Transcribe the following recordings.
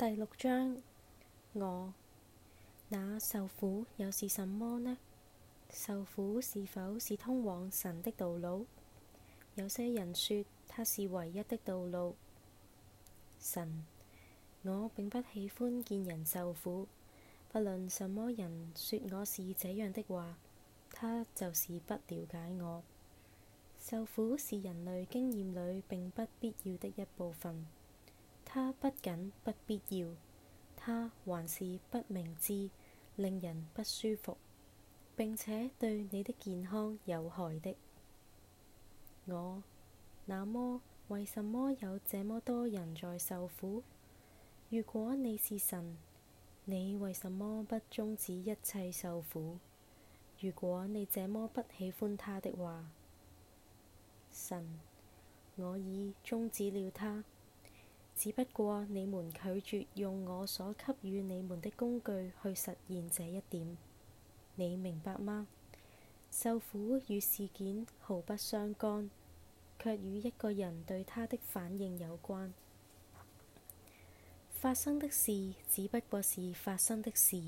第六章，我那受苦又是什麼呢？受苦是否是通往神的道路？有些人說它是唯一的道路。神，我並不喜歡見人受苦，不論什麼人說我是這樣的話，他就是不了解我。受苦是人類經驗裏並不必要的一部分。他不僅不必要，他還是不明智，令人不舒服，並且對你的健康有害的。我那麼為什麼有這麼多人在受苦？如果你是神，你為什麼不終止一切受苦？如果你這麼不喜歡他的話，神，我已終止了他。只不過你們拒絕用我所給予你們的工具去實現這一點，你明白嗎？受苦與事件毫不相干，卻與一個人對他的反應有關。發生的事只不過是發生的事，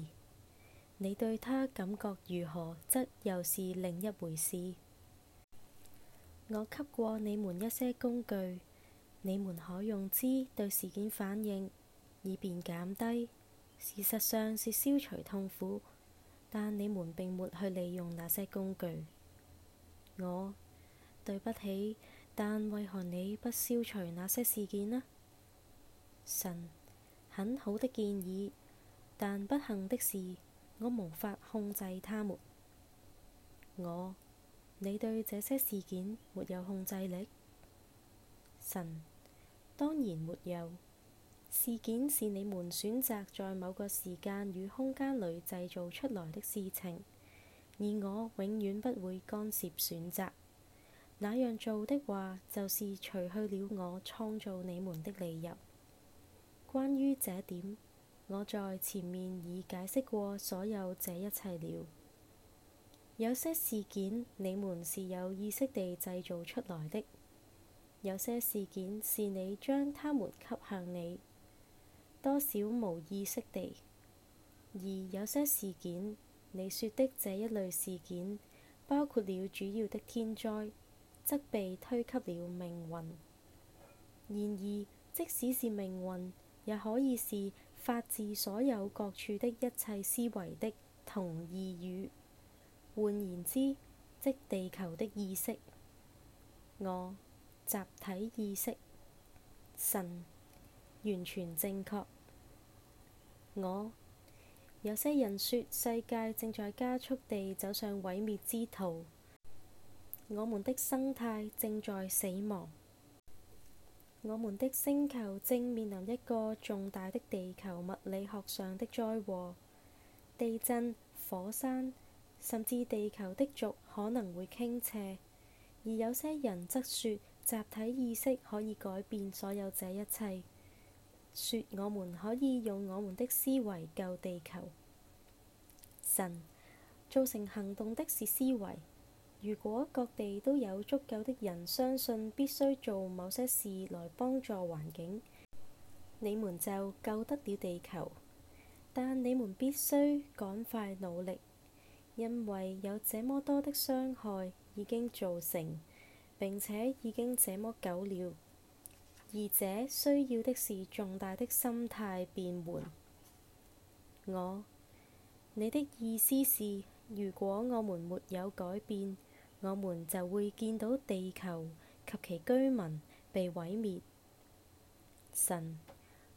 你對他感覺如何，則又是另一回事。我給過你們一些工具。你們可用之對事件反應，以便減低事實上是消除痛苦，但你們並沒去利用那些工具。我，對不起，但為何你不消除那些事件呢？神，很好的建議，但不幸的是，我無法控制他們。我，你對這些事件沒有控制力。神。當然沒有，事件是你們選擇在某個時間與空間裏製造出來的事情，而我永遠不會干涉選擇。那樣做的話，就是除去了我創造你們的理由。關於這點，我在前面已解釋過所有這一切了。有些事件你們是有意識地製造出來的。有些事件是你將他們吸向你多少無意識地，而有些事件，你說的這一類事件，包括了主要的天災，則被推給了命運。然而，即使是命運，也可以是發自所有各處的一切思維的同義語。換言之，即地球的意識。我。集體意識，神，完全正確。我，有些人說，世界正在加速地走上毀滅之途，我們的生態正在死亡，我們的星球正面臨一個重大的地球物理學上的災禍，地震、火山，甚至地球的軸可能會傾斜，而有些人則說：集體意識可以改變所有這一切。說我們可以用我們的思維救地球。神，造成行動的是思維。如果各地都有足夠的人相信必須做某些事來幫助環境，你們就救得了地球。但你們必須趕快努力，因為有這麼多的傷害已經造成。並且已經這麼久了，而這需要的是重大的心態變換。我，你的意思是，如果我們沒有改變，我們就會見到地球及其居民被毀滅。神，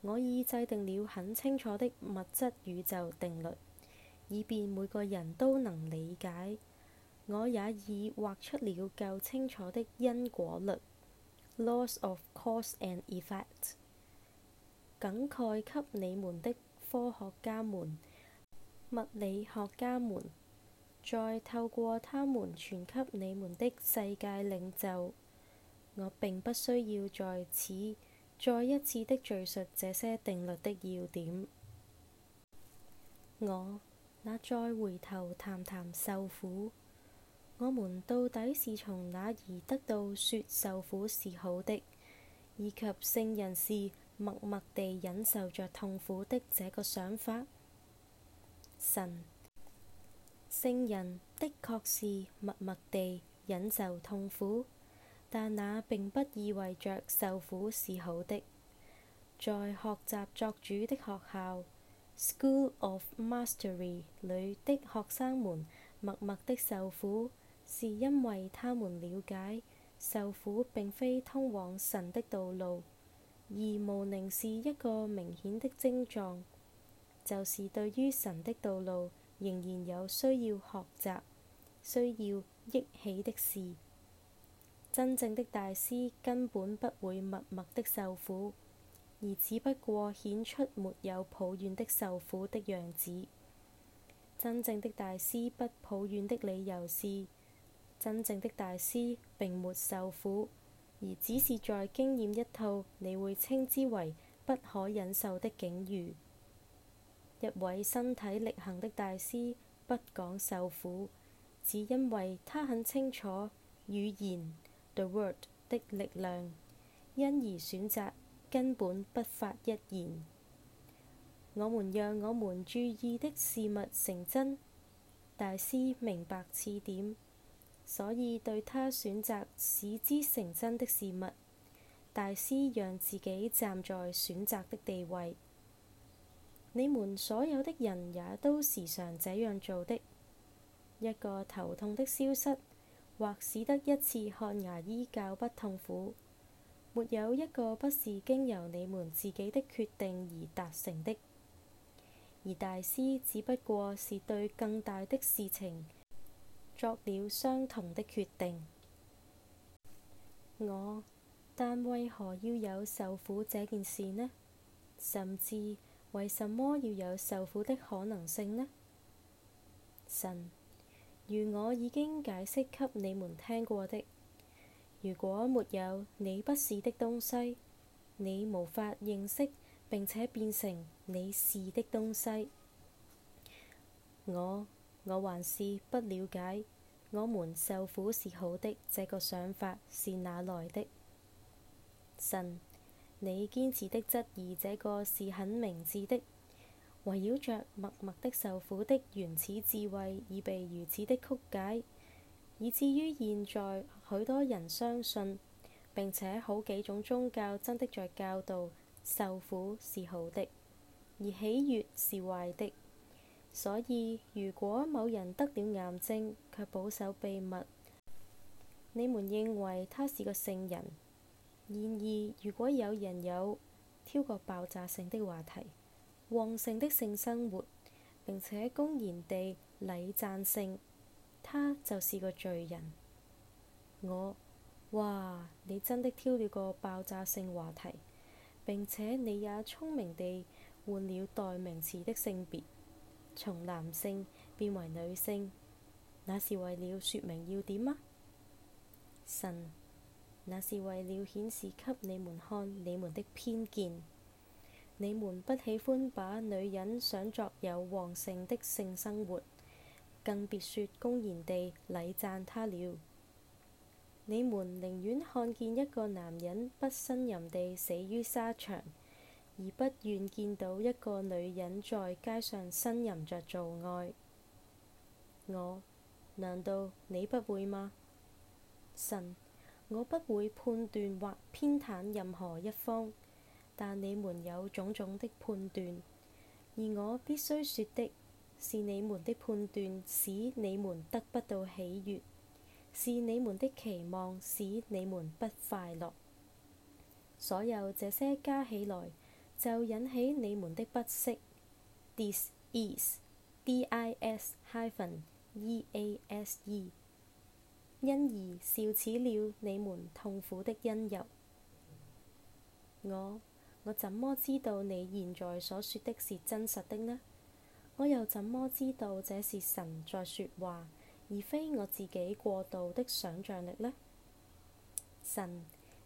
我已制定了很清楚的物質宇宙定律，以便每個人都能理解。我也已畫出了夠清楚的因果律，laws of cause and effect，梗概給你們的科學家們、物理學家們，再透過他們傳給你們的世界領袖。我並不需要在此再一次的敘述這些定律的要點。我，那再回頭談談受苦。我們到底是從哪兒得到說受苦是好的，以及聖人是默默地忍受著痛苦的這個想法？神聖人的確是默默地忍受痛苦，但那並不意味着受苦是好的。在學習作主的學校 （School of Mastery） 裡的學生們，默默的受苦。是因為他們了解受苦並非通往神的道路，而無寧是一個明顯的症狀，就是對於神的道路仍然有需要學習，需要憶起的事。真正的大師根本不會默默的受苦，而只不過顯出沒有抱怨的受苦的樣子。真正的大師不抱怨的理由是。真正的大師並沒受苦，而只是在經驗一套你會稱之為不可忍受的境遇。一位身體力行的大師不講受苦，只因為他很清楚語言 the word 的力量，因而選擇根本不發一言。我們讓我們注意的事物成真，大師明白此點。所以對他選擇使之成真的事物，大師讓自己站在選擇的地位。你們所有的人也都時常這樣做的。一個頭痛的消失，或使得一次看牙醫較不痛苦，沒有一個不是經由你們自己的決定而達成的。而大師只不過是對更大的事情。作了相同的決定，我，但為何要有受苦這件事呢？甚至為什麼要有受苦的可能性呢？神，如我已經解釋給你們聽過的，如果沒有你不是的東西，你無法認識並且變成你是的東西。我，我還是不了解。我們受苦是好的，這個想法是哪來的？神，你堅持的質疑，這個是很明智的。圍繞着默默的受苦的原始智慧，已被如此的曲解，以至於現在許多人相信，並且好幾種宗教真的在教導受苦是好的，而喜悅是壞的。所以，如果某人得了癌症卻保守秘密，你們認為他係個聖人；然而，如果有人有挑個爆炸性的話題、旺盛的性生活，並且公然地禮讚性，他就是個罪人。我，哇！你真的挑了個爆炸性話題，並且你也聰明地換了代名詞的性別。從男性變為女性，那是為了說明要點嗎？神，那是為了顯示給你們看你們的偏見。你們不喜歡把女人想作有旺盛的性生活，更別說公然地禮讚她了。你們寧願看見一個男人不呻吟地死於沙場。而不願見到一個女人在街上呻吟着做愛。我，難道你不會嗎？神，我不會判斷或偏袒任何一方，但你們有種種的判斷。而我必須說的，是你們的判斷使你們得不到喜悅，是你們的期望使你們不快樂。所有這些加起來。就引起你們的不適，disease，d-i-s-hyphen-e-a-s-e，、e, 因而笑此了你們痛苦的因由。我，我怎麼知道你現在所說的是真實的呢？我又怎麼知道這是神在說話，而非我自己過度的想象力呢？神，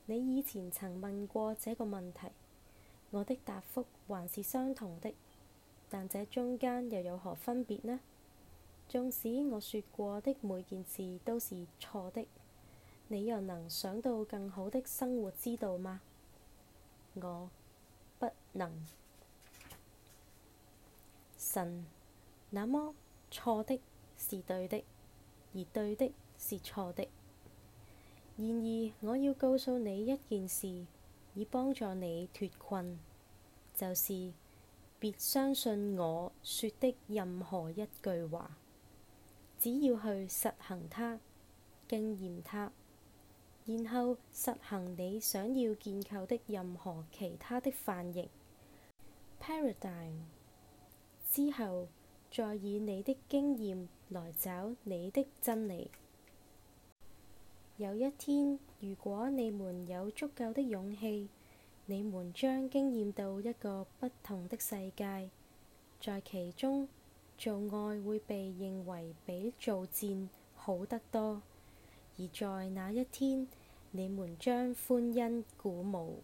你以前曾問過這個問題。我的答覆還是相同的，但這中間又有何分別呢？縱使我說過的每件事都是錯的，你又能想到更好的生活之道嗎？我不能。神，那麼錯的是對的，而對的是錯的。然而，我要告訴你一件事。以幫助你脫困，就是別相信我說的任何一句話。只要去實行它，經驗它，然後實行你想要建構的任何其他的範型 （paradigm）。Paradigm，之後再以你的經驗來找你的真理。有一天，如果你們有足夠的勇氣，你們將經驗到一個不同的世界，在其中，做愛會被認為比做戰好得多。而在那一天，你們將歡欣鼓舞。